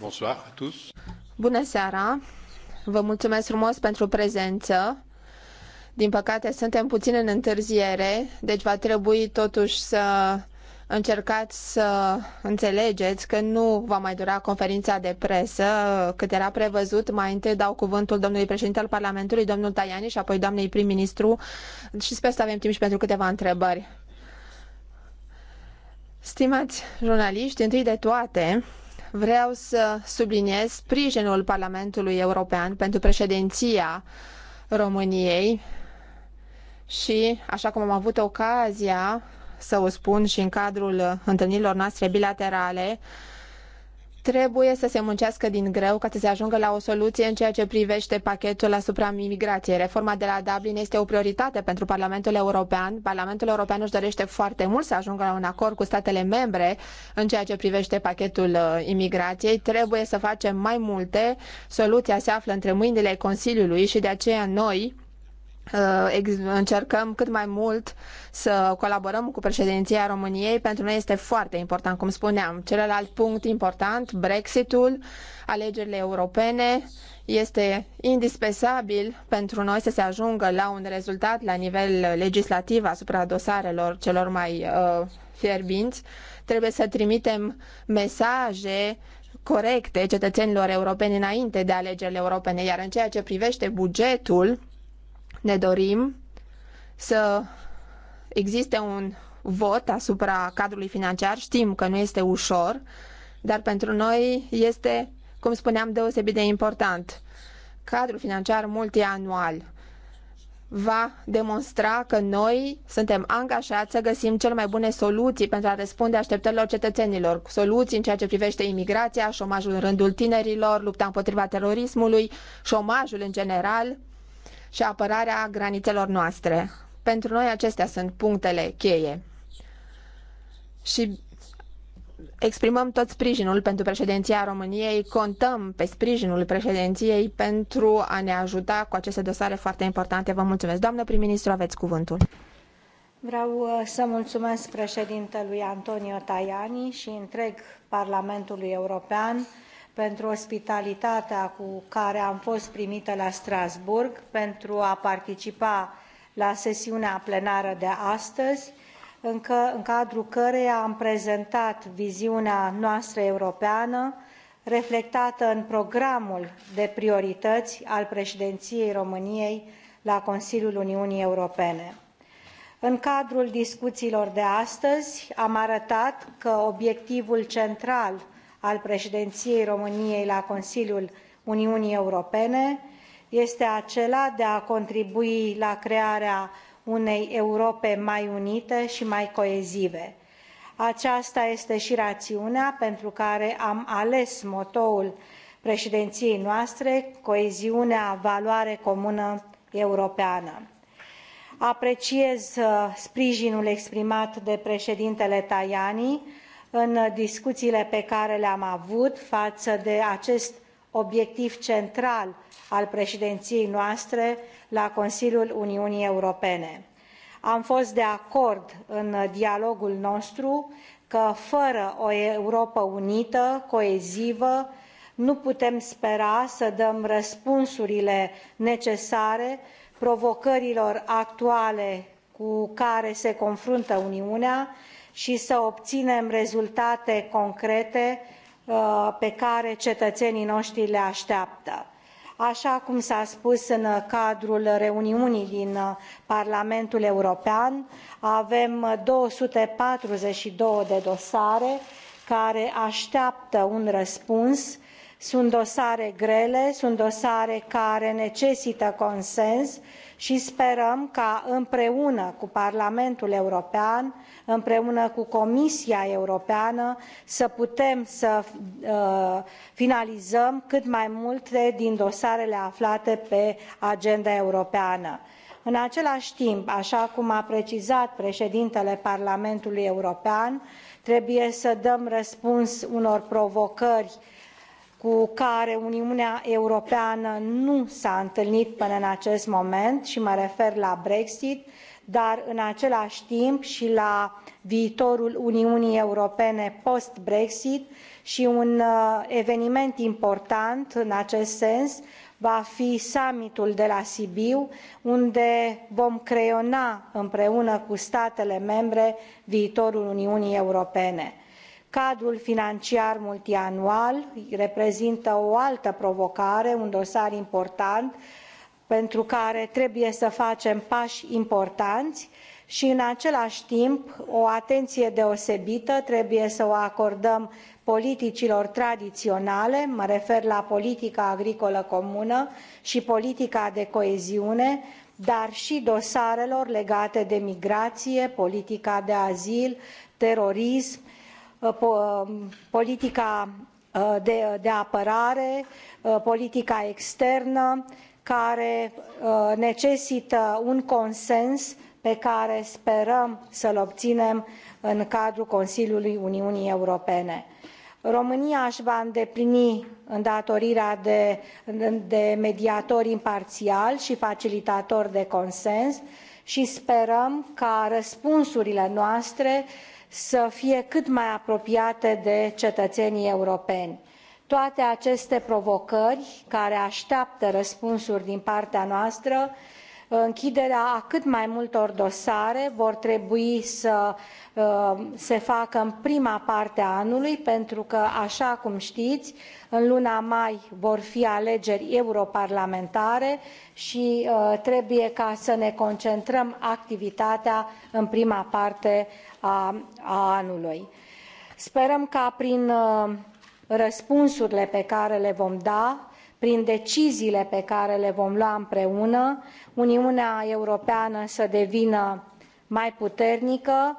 Bonsoir à tous. Bună seara! Vă mulțumesc frumos pentru prezență. Din păcate, suntem puțin în întârziere, deci va trebui totuși să încercați să înțelegeți că nu va mai dura conferința de presă cât era prevăzut. Mai întâi dau cuvântul domnului președinte al Parlamentului, domnul Tajani și apoi doamnei prim-ministru și sper să avem timp și pentru câteva întrebări. Stimați jurnaliști, întâi de toate, vreau să subliniez sprijinul Parlamentului European pentru președinția României și, așa cum am avut ocazia să o spun și în cadrul întâlnirilor noastre bilaterale, Trebuie să se muncească din greu ca să se ajungă la o soluție în ceea ce privește pachetul asupra imigrației. Reforma de la Dublin este o prioritate pentru Parlamentul European. Parlamentul European își dorește foarte mult să ajungă la un acord cu statele membre în ceea ce privește pachetul uh, imigrației. Trebuie să facem mai multe. Soluția se află între mâinile Consiliului și de aceea noi, Uh, încercăm cât mai mult să colaborăm cu președinția României. Pentru noi este foarte important, cum spuneam. Celălalt punct important, Brexitul, alegerile europene, este indispensabil pentru noi să se ajungă la un rezultat la nivel legislativ asupra dosarelor celor mai uh, fierbinți. Trebuie să trimitem mesaje corecte cetățenilor europeni înainte de alegerile europene, iar în ceea ce privește bugetul, ne dorim să existe un vot asupra cadrului financiar. Știm că nu este ușor, dar pentru noi este, cum spuneam, deosebit de important. Cadrul financiar multianual va demonstra că noi suntem angajați să găsim cele mai bune soluții pentru a răspunde așteptărilor cetățenilor, soluții în ceea ce privește imigrația, șomajul în rândul tinerilor, lupta împotriva terorismului, șomajul în general, și apărarea granițelor noastre. Pentru noi acestea sunt punctele cheie. Și exprimăm tot sprijinul pentru președinția României, contăm pe sprijinul președinției pentru a ne ajuta cu aceste dosare foarte importante. Vă mulțumesc. Doamnă prim-ministru, aveți cuvântul. Vreau uh, să mulțumesc președintelui Antonio Tajani și întreg Parlamentului European pentru ospitalitatea cu care am fost primită la Strasbourg pentru a participa la sesiunea plenară de astăzi, în, în cadrul căreia am prezentat viziunea noastră europeană reflectată în programul de priorități al președinției României la Consiliul Uniunii Europene. În cadrul discuțiilor de astăzi am arătat că obiectivul central al președinției României la Consiliul Uniunii Europene este acela de a contribui la crearea unei Europe mai unite și mai coezive. Aceasta este și rațiunea pentru care am ales motoul președinției noastre, coeziunea valoare comună europeană. Apreciez uh, sprijinul exprimat de președintele Tajani în discuțiile pe care le-am avut față de acest obiectiv central al președinției noastre la Consiliul Uniunii Europene. Am fost de acord în dialogul nostru că fără o Europă unită, coezivă, nu putem spera să dăm răspunsurile necesare provocărilor actuale cu care se confruntă Uniunea, și să obținem rezultate concrete uh, pe care cetățenii noștri le așteaptă. Așa cum s-a spus în cadrul reuniunii din uh, Parlamentul European, avem 242 de dosare care așteaptă un răspuns sunt dosare grele sunt dosare care necesită consens și sperăm ca împreună cu parlamentul european împreună cu comisia europeană să putem să uh, finalizăm cât mai multe din dosarele aflate pe agenda europeană. în același timp așa cum a precizat președintele parlamentului european trebuie să dăm răspuns unor provocări cu care uniunea europeană nu s a întâlnit până în acest moment i mă refer la brexit dar în acelai timp i la viitorul uniunii europene post brexit i un uh, eveniment important în acest sens va fi summitul de la sibiu unde vom creiona împreună cu statele membre viitorul uniunii europene. Cadrul financiar multianual reprezintă o altă provocare, un dosar important pentru care trebuie să facem pași importanți și în același timp o atenție deosebită trebuie să o acordăm politicilor tradiționale, mă refer la politica agricolă comună și politica de coeziune, dar și dosarelor legate de migrație, politica de azil, terorism, Uh, um, politica uh, de, apărare, uh, politica externă, care necesită un consens pe care sperăm să l obținem în cadrul Consiliului Uniunii Europene. România își va îndeplini îndatorirea de, de mediator imparțial și facilitator de consens și sperăm ca răspunsurile noastre să fie cât mai apropiate de cetățenii europeni. Toate aceste provocări care așteaptă răspunsuri din partea noastră închiderea a cât mai multor dosare vor trebui să uh, se facă în prima parte a anului pentru că așa cum știți în luna mai vor fi alegeri europarlamentare și uh, trebuie ca să ne concentrăm activitatea în prima parte a, a anului. Sperăm ca prin uh, răspunsurile pe care le vom da prin deciziile pe care le vom lua împreună uniunea europeană să devină mai puternică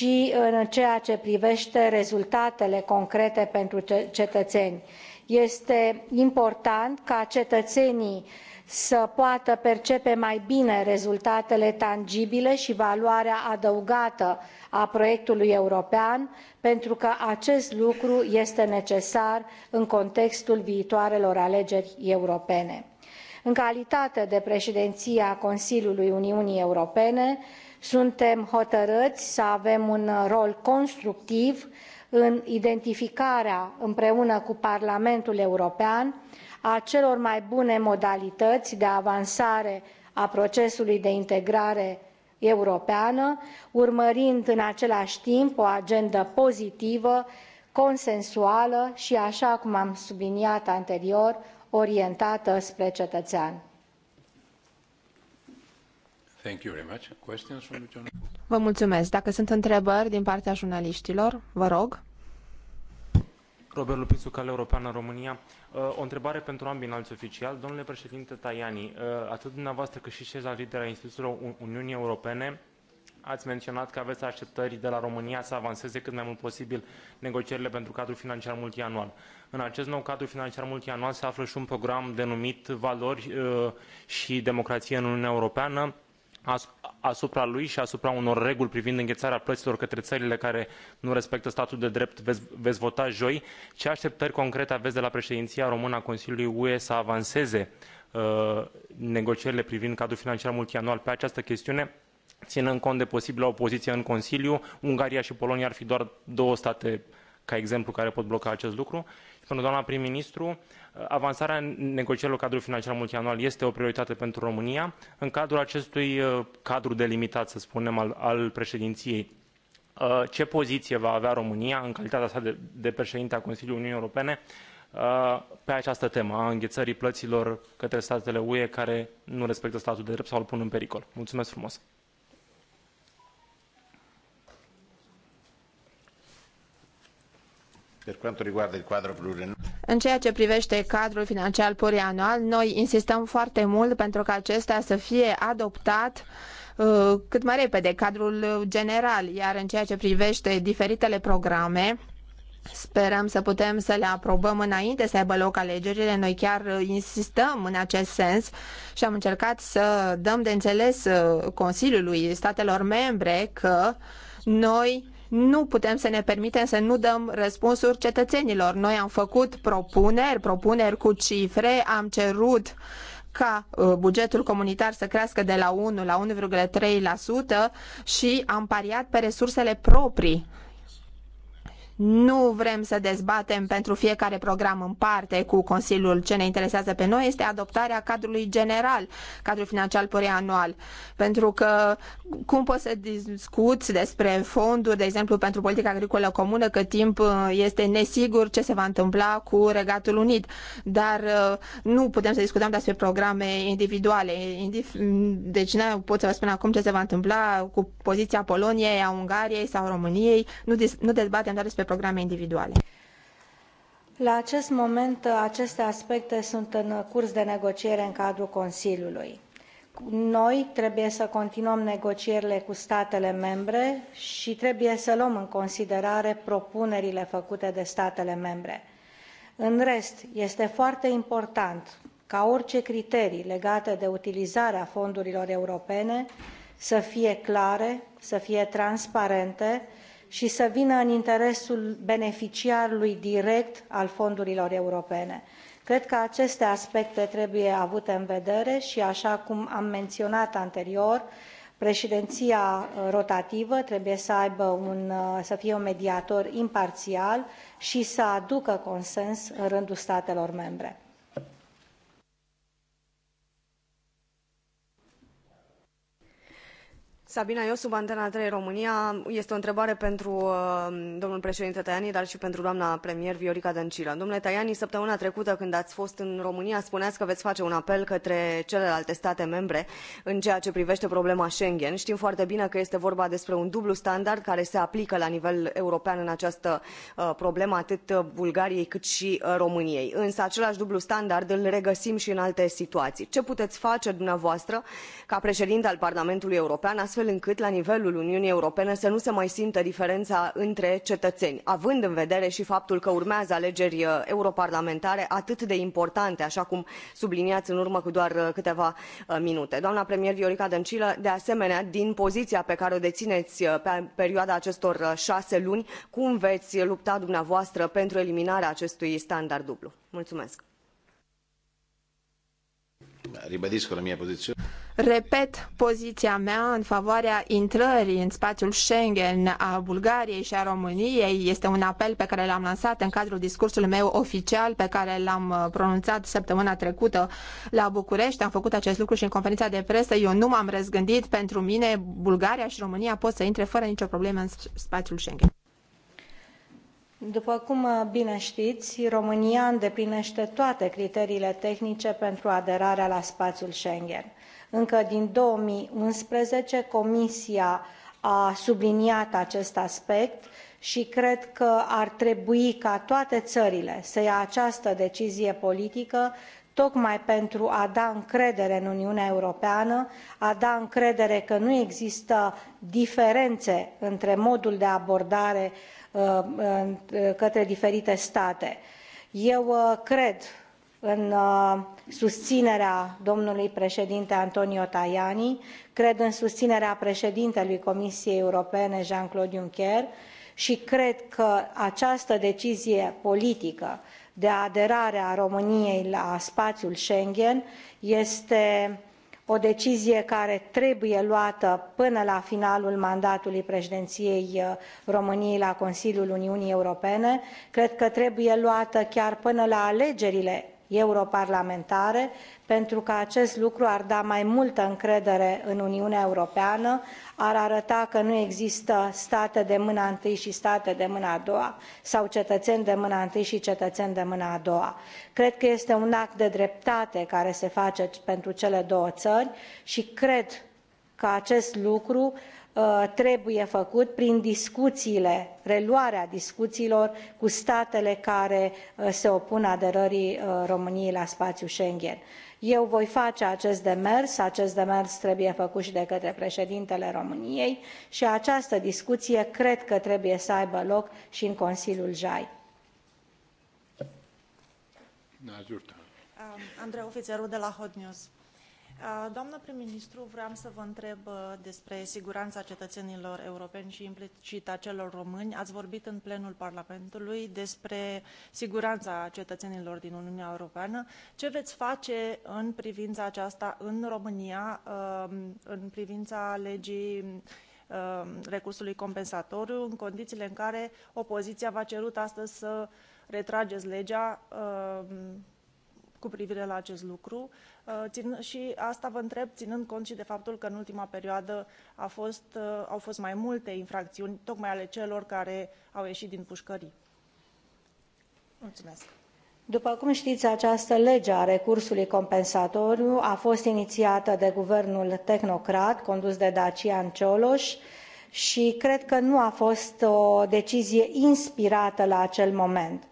i în ceea ce privete rezultatele concrete pentru cetăeni. este important ca cetăenii să poată percepe mai bine rezultatele tangibile și valoarea adăugată a proiectului european, pentru că acest lucru este necesar în contextul viitoarelor alegeri europene. În calitate de preedinie a Consiliului Uniunii Europene, suntem hotărâți să avem un rol constructiv în identificarea împreună cu Parlamentul European a celor mai bune modalități de avansare a procesului de integrare europeană, urmărind în același timp o agendă pozitivă, consensuală și, așa cum am subliniat anterior, orientată spre cetățean. Vă mulțumesc. Dacă sunt întrebări din partea jurnaliștilor, vă rog. Robert Lupițu, Cale Europeană România. Uh, o întrebare pentru ambii înali oficiali. Domnule președinte Tajani, uh, atât dumneavoastră cât și lideri ai instituțiilor Uniunii Europene Ați menționat că avei ateptări de la România să avanseze cât mai mult posibil negocierile pentru cadrul financiar multianual. În acest nou cadru financiar multianual se află și un program denumit Valori uh, și Democrație în Uniunea Europeană asupra lui i asupra unor reguli privind îngheearea plăilor către ările care nu respectă statul de drept veți vota joi ce ateptări concrete avei de la preedinia română a consiliului ue să avanseze uh, negocierile privind cadrul financiar multianual pe această chestiune inând cont de posibila opoziie în consiliu ungaria i polonia ar fi doar două state membre ca exemplu care pot bloca acest lucru. Și pentru doamna prim-ministru, uh, avansarea negocierilor cadrului financiar multianual este o prioritate pentru România. În cadrul acestui uh, cadru delimitat, să spunem, al, al președinției, uh, ce poziție va avea România în calitatea sa de, de președinte a Consiliului Uniunii Europene pe această temă a înghețării plăților către statele UE care nu respectă statul de drept sau îl pun în pericol. Mulțumesc frumos! în ceea ce privește cadrul financiar plurianual, noi insistăm foarte mult pentru ca acesta să fie adoptat uh, cât mai repede, cadrul general, iar în ceea ce privește diferitele programe, Sperăm să putem să le aprobăm înainte să aibă loc alegerile. Noi chiar insistăm în acest sens și am încercat să dăm de înțeles uh, Consiliului statelor membre că noi nu putem să ne permitem să nu dăm răspunsuri cetățenilor. Noi am făcut propuneri, propuneri cu cifre, am cerut ca uh, bugetul comunitar să crească de la 1 la 1,3% și am pariat pe resursele proprii nu vrem să dezbatem pentru fiecare program în parte cu Consiliul. Ce ne interesează pe noi este adoptarea cadrului general, cadrul financiar plurianual. Pentru că cum poți să discuți despre fonduri, de exemplu, pentru politica agricolă comună, cât timp uh, este nesigur ce se va întâmpla cu Regatul Unit. Dar uh, nu putem să discutăm despre programe individuale. Deci nu pot să vă spun acum ce se va întâmpla cu poziția Poloniei, a Ungariei sau României. Nu, nu dezbatem doar despre aceste programe individuale? La acest moment, aceste aspecte sunt în curs de negociere în cadrul Consiliului. Noi trebuie să continuăm negocierile cu statele membre și trebuie să luăm în considerare propunerile făcute de statele membre. În rest, este foarte important ca orice criterii legate de utilizarea fondurilor europene să fie clare, să fie transparente, și să vină în interesul beneficiarului direct al fondurilor europene. Cred că aceste aspecte trebuie avute în vedere și, așa cum am menționat anterior, președinția rotativă trebuie să, aibă un, să fie un mediator imparțial și să aducă consens în rândul statelor membre Sabina sub Antena 3 România. Este o întrebare pentru uh, domnul președinte Tajani, dar și pentru doamna premier Viorica Dăncilă. Domnule Tajani, săptămâna trecută când ați fost în România, spuneați că veți face un apel către celelalte state membre în ceea ce privește problema Schengen. Știm foarte bine că este vorba despre un dublu standard care se aplică la nivel european în această uh, problemă atât Bulgariei cât și uh, României. Însă același dublu standard îl regăsim și în alte situații. Ce puteți face dumneavoastră ca președinte al Parlamentului European astfel astfel încât la nivelul uniunii europene să nu se mai simtă diferena între cetăeni având în vedere i faptul că urmează alegeri uh, europarlamentare atât de importante aa cum subliniai în urmă cu doar uh, câteva uh, minute. doamnă premier viorica dăncilă de asemenea din poziia pe care o deinei pe perioada acestor ase luni cum vei lupta dumneavoastră pentru eliminarea acestui standard dublu? Mulțumesc ribadisco la mia Repet poziția mea în favoarea intrării în spațiul Schengen a Bulgariei și a României. Este un apel pe care l-am lansat în cadrul discursului meu oficial pe care l-am uh, pronunțat săptămâna trecută la București. Am făcut acest lucru și în conferința de presă. Eu nu m-am răzgândit. Pentru mine, Bulgaria și România pot să intre fără nicio problemă în spațiul Schengen după cum uh, bine știți, România îndeplinește toate criteriile tehnice pentru aderarea la spațiul Schengen. Încă din 2011 Comisia a subliniat acest aspect și cred că ar trebui ca toate țările să ia această decizie politică tocmai pentru a da încredere în uniunea europeană a da încredere că nu există diferene între modul de abordare uh, uh, către diferite state. eu uh, cred în susinerea domnului preedinte antonio tajani cred în susinerea preedintelui comisiei europene jean claude juncker i cred că această decizie politică de aderare a României la spațiul Schengen este o decizie care trebuie luată până la finalul mandatului președinției uh, României la Consiliul Uniunii Europene. Cred că trebuie luată chiar până la alegerile europarlamentare pentru că acest lucru ar da mai multă încredere în uniunea europeană ar arăta că nu există state de mâna întâi și state de mâna a doua sau cetățeni de mâna întâi și cetățeni de mâna a doua. cred că este un act de dreptate care se face pentru cele două țări și cred că acest lucru Uh, trebuie făcut prin discuțiile, reluarea discuțiilor cu statele care uh, se opun aderării uh, României la spațiul Schengen. Eu voi face acest demers, acest demers trebuie făcut i de către președintele României și această discuție cred că trebuie să aibă loc și în Consiliul JAI. Andrei de la Uh, doamnă prim-ministru, vreau să vă întreb uh, despre siguranța cetățenilor europeni și implicit a celor români. Ați vorbit în plenul Parlamentului despre siguranța cetățenilor din Uniunea Europeană. Ce veți face în privința aceasta în România, um, în privința legii um, recursului compensatoriu, în condițiile în care opoziția v-a cerut astăzi să retrageți legea um, cu privire la acest lucru uh, și asta vă întreb ținând cont și de faptul că în ultima perioadă a fost, uh, au fost mai multe infracțiuni, tocmai ale celor care au ieșit din pușcării. Mulțumesc. După cum știți, această lege a recursului compensatoriu a fost inițiată de guvernul tehnocrat condus de Dacian Cioloș și cred că nu a fost o decizie inspirată la acel moment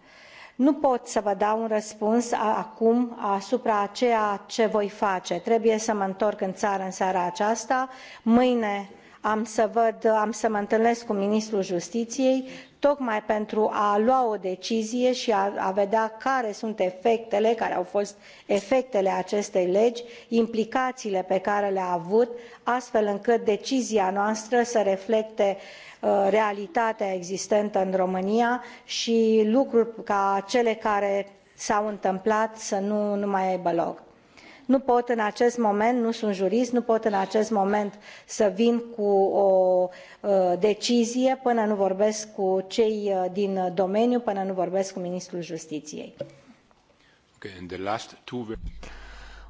nu pot să vă dau un răspuns acum asupra a ceea ce voi face trebuie să mă întorc în țară în seara aceasta mâine am să văd am să mă întâlnesc cu ministrul justiției tocmai pentru a lua o decizie și a, a vedea care sunt efectele, care au fost efectele acestei legi, implicațiile pe care le-a avut, astfel încât decizia noastră să reflecte uh, realitatea existentă în România și lucruri ca cele care s-au întâmplat să nu, nu mai aibă loc nu pot în acest moment nu sunt jurist nu pot în acest moment să vin cu o uh, decizie până nu vorbesc cu cei uh, din domeniu până nu vorbesc cu ministrul justiției.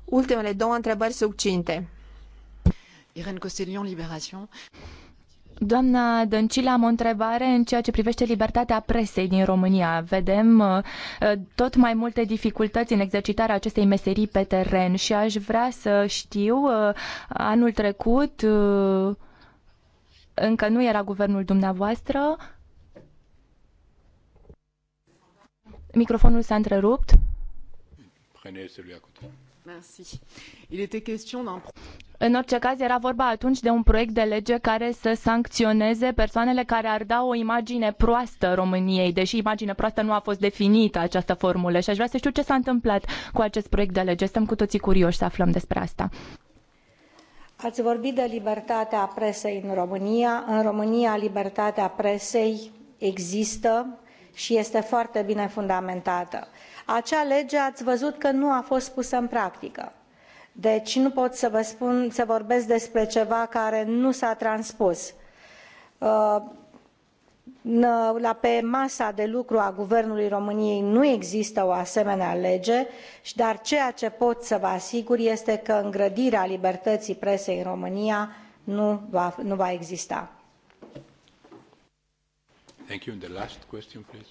Ultimele două întrebări succinte. Irene Costelion, Libération. Doamna Dăncilă, am o întrebare în ceea ce privește libertatea presei din România. Vedem uh, uh, tot mai multe dificultăți în exercitarea acestei meserii pe teren și aș vrea să știu, uh, anul trecut încă nu era guvernul dumneavoastră. Microfonul s-a întrerupt. Prenez celui în orice caz, era vorba atunci de un proiect de lege care să sancționeze persoanele care ar da o imagine proastă României, deși imagine proastă nu a fost definită această formulă. Și aș vrea să știu ce s-a întâmplat cu acest proiect de lege. Suntem cu toții curioși să aflăm despre asta. Ați vorbit de libertatea presei în România. În România, libertatea presei există i este foarte bine fundamentată. acea lege ai văzut că nu a fost pusă în practică deci nu pot să, vă spun, să vorbesc despre ceva care nu s a transpus. Uh, la pe masa de lucru a guvernului româniei nu există o asemenea lege dar ceea ce pot să vă asigur este că îngrădirea libertăii presei în românia nu va, nu va exista. Thank you. And the last question, please.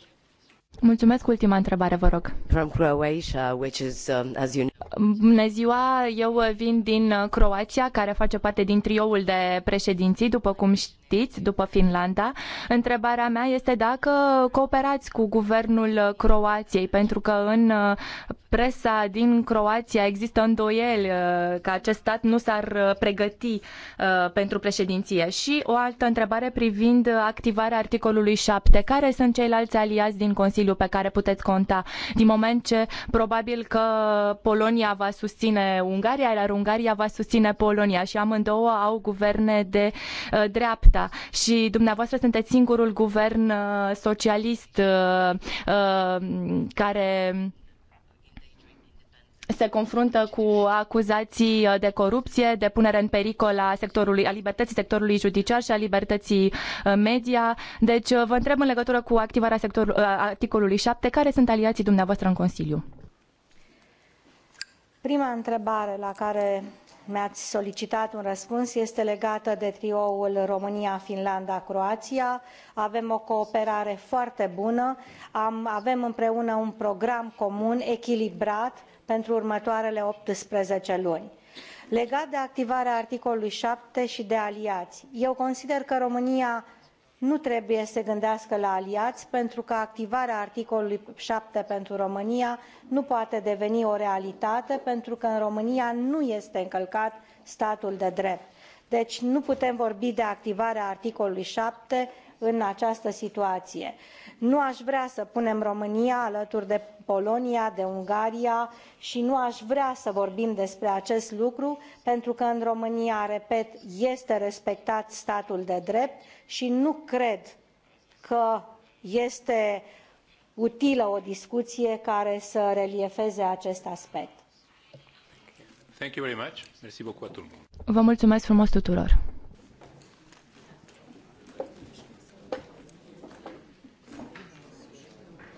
Mulțumesc. Ultima întrebare, vă rog. From Croatia, which is, um, as you know, Bună ziua, eu vin din uh, Croația, care face parte din trioul de președinții, după cum știți, după Finlanda. Întrebarea mea este dacă cooperați cu guvernul uh, Croației, pentru că în uh, presa din Croația există îndoieli că acest stat nu s-ar pregăti pentru președinție. Și o altă întrebare privind activarea articolului 7. Care sunt ceilalți aliați din Consiliu pe care puteți conta din moment ce probabil că Polonia Polonia va susține Ungaria, iar Ungaria va susține Polonia și amândouă au guverne de uh, dreapta. Și dumneavoastră sunteți singurul guvern uh, socialist uh, uh care se confruntă cu acuzații uh, de corupție, de punere în pericol a, sectorului, a libertății sectorului judiciar și a libertății uh, media. Deci vă întreb în legătură cu activarea articolului 7, care sunt aliații dumneavoastră în Consiliu? prima întrebare la care mi ați solicitat un răspuns este legată de trioul românia finlanda croaia avem o cooperare foarte bună avem împreună un program comun echilibrat pentru următoarele optsprezece luni. legat de activarea articolului șapte și de aliați eu consider că românia nu trebuie să se gândească la aliați pentru că activarea articolului șapte pentru românia nu poate deveni o realitate pentru că în românia nu este încălcat statul de drept deci nu putem vorbi de activarea articolului șapte în această situație. Nu aș vrea să punem România alături de Polonia, de Ungaria și nu aș vrea să vorbim despre acest lucru pentru că în România, repet, este respectat statul de drept și nu cred că este utilă o discuție care să reliefeze acest aspect. Vă mulțumesc frumos tuturor!